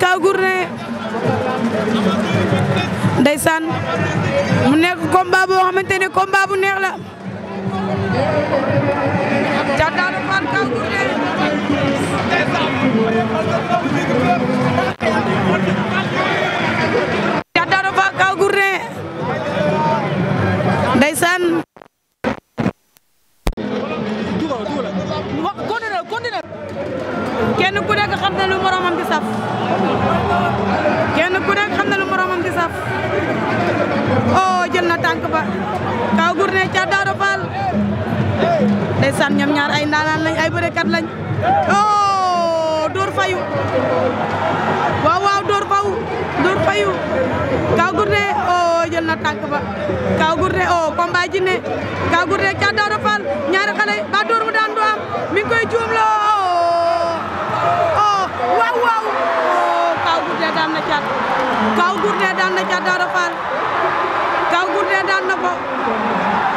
kaw Gourdin ndeysaan mu nekk combat boo xamante ne combat bu neex la Càndaalu Fall kaw Gourdin Càndaalu Fall kenn ku nekk xam na lu moromam di saf kenn ku nekk xam na lu moromam di saf oh jël na tànk ba Kaw Gourdin Thiat Daouda Fall ndeysaan ñoom ñaar ay ndaanaan lañ ay bërekat lañ oh dóor fayu waaw waaw dóor fayu dóor fayu Kaw Gourdin oh jël na tànk ba Kaw Gourdin oh combat ji ne Kaw Gourdin Thiat Daouda Fall ñaari xale ba dóor mu daan du am mi ngi koy juumloo Gourdé daan na caat kaw Gourdé daan na caat Daouda daan na ko